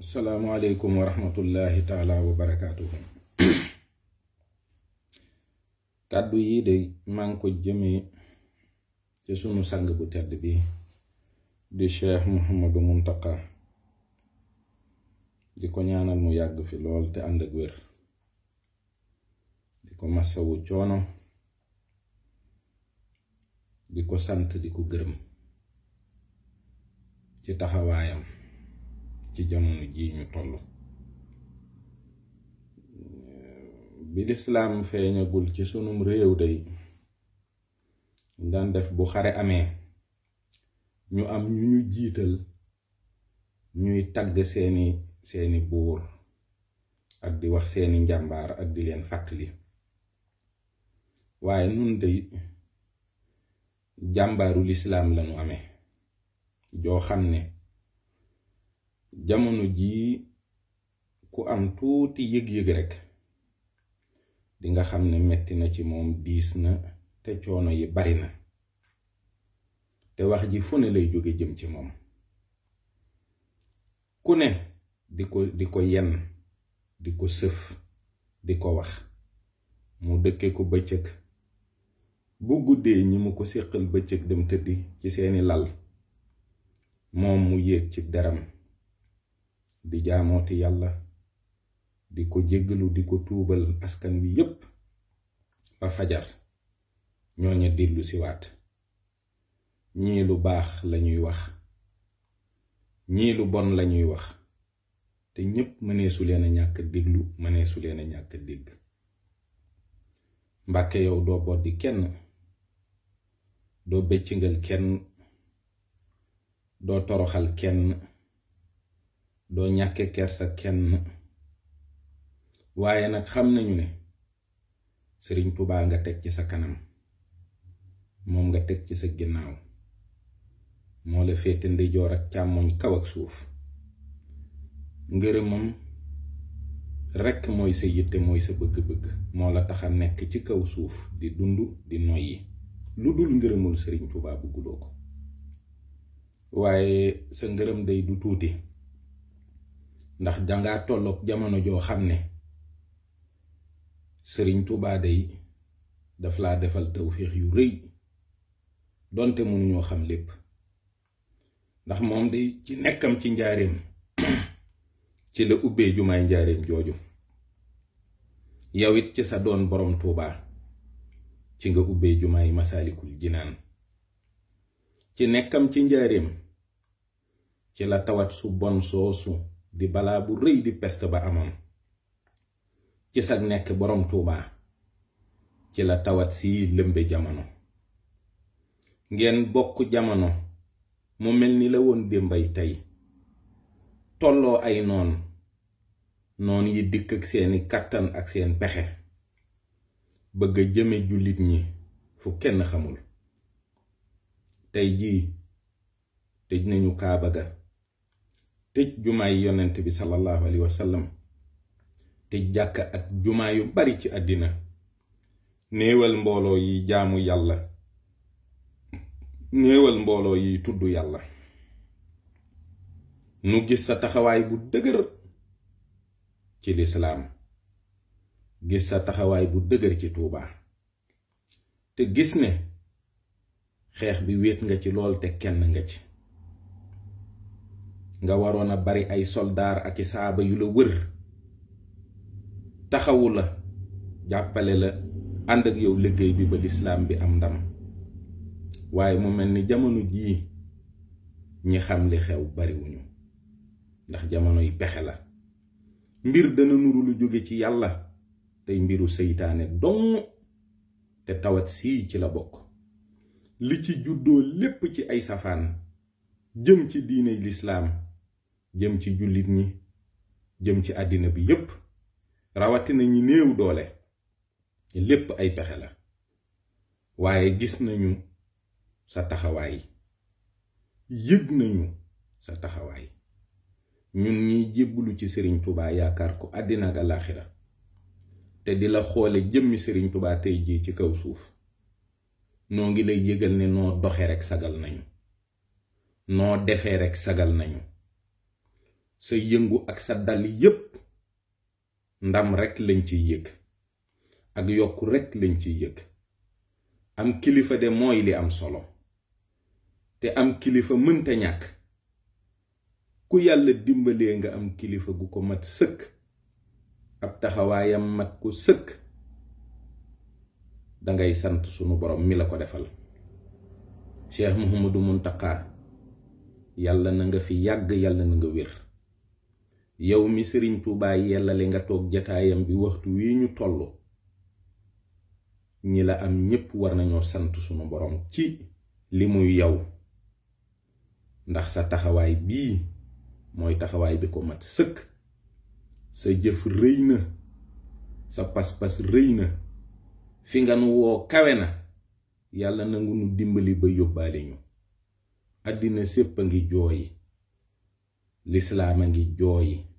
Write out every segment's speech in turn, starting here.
asalaamualeykum wa rahmatullahi taala wa barakaatuhu kàddu yii de maa ngi ko jëmee ci sunu sang bu tedd bi di cheikh muhammadu muntaka di ko ñaanal mu yàgg fi lool te ànd ak di ko massawu coono di ko sant di ko gërëm ci taxawaayam ci jamono jii ñu toll bi lislaam feeñagul ci sunum réew day daan def bu xare amee ñu am ñu ñu jiital ñuy tagg seeni seeni buur ak di wax seeni njàmbaar ak di leen fàttali waaye nun day jàmbaaru lislaam lañu amee joo xam ne jamono jii ku am tuuti yëg-yëg rekk di xam ne metti na ci moom diis na te coono yi bari na te wax ji fu ne lay jóge jëm ci moom ku ne di ko di ko yenn di ko sëf di ko wax mu dëkke ko bëccëg bu guddee ñi mu ko séqal bëccëg dem tëddi ci seeni lal moom mu yéeg ci deram di jaamooti yàlla di ko jéggalu di ko tuubal askan wi yépp ba fajar ñooña dillu siwaat ñii lu baax lañuy wax ñii lu bon lañuy wax te ñépp mëneesu leen ñàkk déglu mëneesu leen ñàkk dégg mbàkke yow doo boddi kenn doo bëccëngal kenn doo toroxal kenn doo ker sa kenn waaye nag xam nañu ne sëriñ Tuubaa nga teg ci sa kanam moom nga teg ci sa ginnaaw moo la féete ndeyjoor ak càmmoñ kaw ak suuf ngërëmam rekk mooy sa yitte mooy sa bëgg-bëgg moo la tax a nekk ci kaw suuf di dund di noyyi lu dul ngërëmul sëriñ Tuubaa bugguloo ko waaye sa ngërëm day du tuuti ndax dangaa tolloog jamono joo xam ne sëriñ Tuubaa day daf laa defal tawféex yu rëy donte mënuñoo xam lépp ndax moom day ci nekkam ci njaareem ci la ubbee jumaay njaareem jooju yow it ci sa doon boroom Tuubaa ci nga ubbee jumaay masaalikul jinaan ci nekkam ci njaareem ci la tawat su bon soosu di balaa bu rëy di peste ba amoon ci sag nekk boroom tuubaa ci la tawat si lëmbe jamono ngeen bokk jamono mu mel ni la woon démbay tey tolloo ay noon noon yi dikk ak seeni kàttan ak seen pexe bëgg a jëme jullit ñi fu kenn xamul tey jii tëj nañu kaaba ga tëj jumaay yonent bi sallallahu alayhi wa te jàkk ak jumaa yu bari ci àddina néewal mbooloo yi jaamu yàlla néewal mbooloo yi tudd yàlla nu gis sa taxawaay bu dëgër ci lislaam gis sa taxawaay bu dëgër ci tuuba te gis ne xeex bi wéet nga ci lool te kenn nga ci nga waroon a bari ay soldaar ak i saaba yu la wër taxawu la jàppale la ànd ak yow liggéey bi ba lislaam bi am ndam waaye mu mel ni jamono jii ñi xam li xew bariwuñu ndax jamono yi pexe la mbir dana nuru lu jóge ci yàlla tey mbiru seytaane dong te tawat sii ci la bokk li ci juddoo lépp ci ay safaan jëm ci diine lislaam jëm ci jullit ñi jëm ci àddina bi yépp rawatina ñi néew doole lépp ay pexe la waaye gis nañu sa taxawaay yëg nañu sa taxawaay ñun ñiy jébbalu ci sëriñ tubaa yaakaar ko àddina ak alaaxira te di la xoole jëmmi sëriñ tubaa tey jii ci kaw suuf noo ngi lay yëgal ne noo doxe rekk sagal nañu noo defee rekk sagal nañu sa yëngu ak sa dal yépp ndam rekk lañ ciy yëg ak yokku rekk lañ ciy yëg am kilifa de mooy li am solo te am kilifa mënta ñàkk ku yàlla dimbalee nga am kilifa gu ko mat sëkk ab taxawaayam mag ku sëkk dangay sant sunu borom mi la ko defal Cheikh Mouhamadou Mountakha yàlla na nga fi yàgg yàlla na nga wér yow mi sëriñ Tuubaa yellale nga toog jataayam bi waxtu wi ñu toll ñi la am ñépp war nañoo sant sunu boroom ci li muy yow ndax sa taxawaay bii mooy taxawaay bi ko mat sëkk sa jëf rëy na sa pas-pas rëy na fi nga nu woo kawe na yàlla nangu nu dimbali ba yóbbaale ñu àddina sépp a ngi jooyi lislaam a ngi jooyi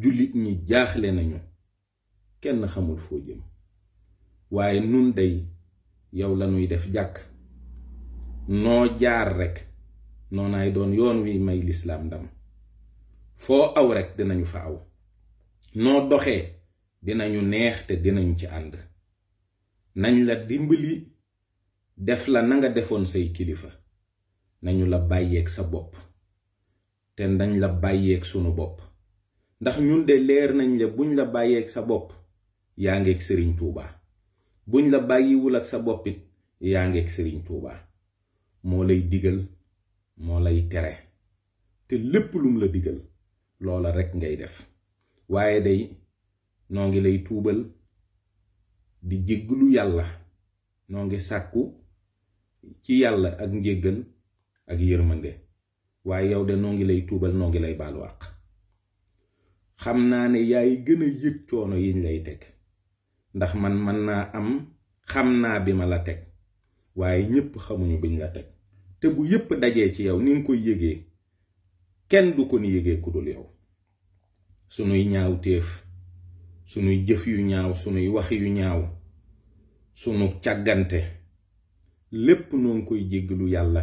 jullit ñi jaaxle nañu kenn xamul foo jëm waaye nun dey yow lañuy def jàkk noo jaar rekk noonaay doon yoon wi may lislaam ndam foo aw rekk dinañu fa aw noo doxee dinañu neex te dinañu ci ànd nañ la dimbali def la nanga defoon say kilifa nañu la bàyyeeg sa bopp te nañ la bàyyeeg sunu bopp ndax ñun de leer nañ la buñ la bàyyeeg sa bopp yaa ngeeg sëriñ tuuba buñ la bàyyiwul ak sa boppit yaa ngeeg sëriñ tuuba moo lay digal moo lay tere te lépp lum la digal loola rekk ngay def waaye day noo ngi lay tuubal di jégglu yàlla noo ngi sàkku ci yàlla ak njéggal ak yërmande waaye yow de noo ngi lay tuubal noo ngi lay baalu àq xam naa ne yaay gën a yëg coono yiñ lay teg ndax man man naa am xam naa bi ma la teg waaye ñépp xamuñu biñ la teg te bu yépp dajee ci yow ni nga koy yëgee kenn du ko ni yëgee ku dul yow sunuy ñaaw téef sunuy jëf yu ñaaw sunuy wax yu ñaaw sunu càggante lépp noo ngi koy jéggalu yàlla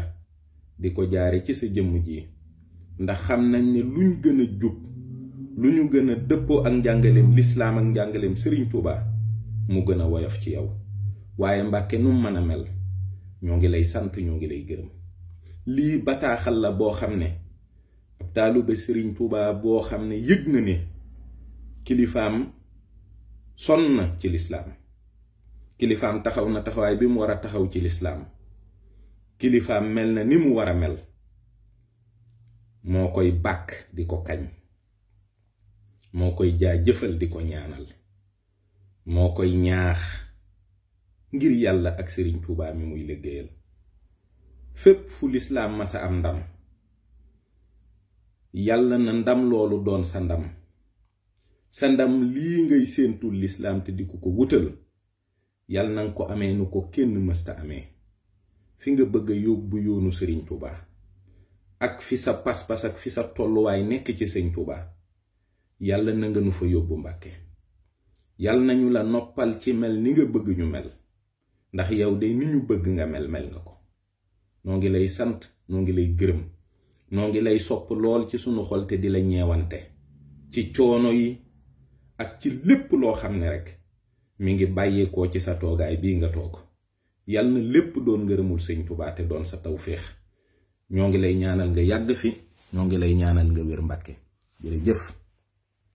di ko jaare ci sa jëmm ji ndax xam nañ ne luñ gën a jub lu ñu gën a dëppoo ak njàngaleem lislaam ak njàngaleem sëriñ Tuuba mu gën a woyof ci yow waaye Mbàkke nu mën a mel ñoo ngi lay sant ñoo ngi lay gërëm lii bataaxal la boo xam ne ab taalibe sëriñ Tuuba boo xam ne yëg na ne kilifaam sonn na ci lislaam kilifaam taxaw na taxawaay bi mu war a taxaw ci lislaam kilifaam mel na ni mu war a mel moo koy bàkk di ko kañ moo koy jaajëfal di ko ñaanal moo koy ñaax ngir yàlla ak sëriñ Tuubaa mi muy liggéeyal fépp fu lislaam masa am ndam yàlla na ndam loolu doon sa ndam sa ndam lii ngay séentul lislaam te di ko ko wutal yàlla nanga ko amee nu ko kenn mësta amee fi nga bëgg a yóbbu yoonu sëriñ Tuubaa ak fi sa pas-pas ak fi sa tolluwaay nekk ci sëñ Tuubaa yàlla na nga nu fa yóbbu mbàkke yàlla nañu la noppal ci mel ni nga bëgg ñu mel ndax yow de ni ñu bëgg nga mel mel nga ko noo ngi lay sant noo ngi lay gërëm noo ngi lay sopp lool ci sunu xol te di la ñeewante ci coono yi ak ci lépp loo xam ne rekk mu ngi bàyyeekoo ci sa toogaay bii nga toog yal na lépp doon ngërëmul sëñ Tuubaa doon sa tawféex ñoo ngi lay ñaanal nga yàgg fi ñoo ngi lay ñaanal nga wér Mbàkke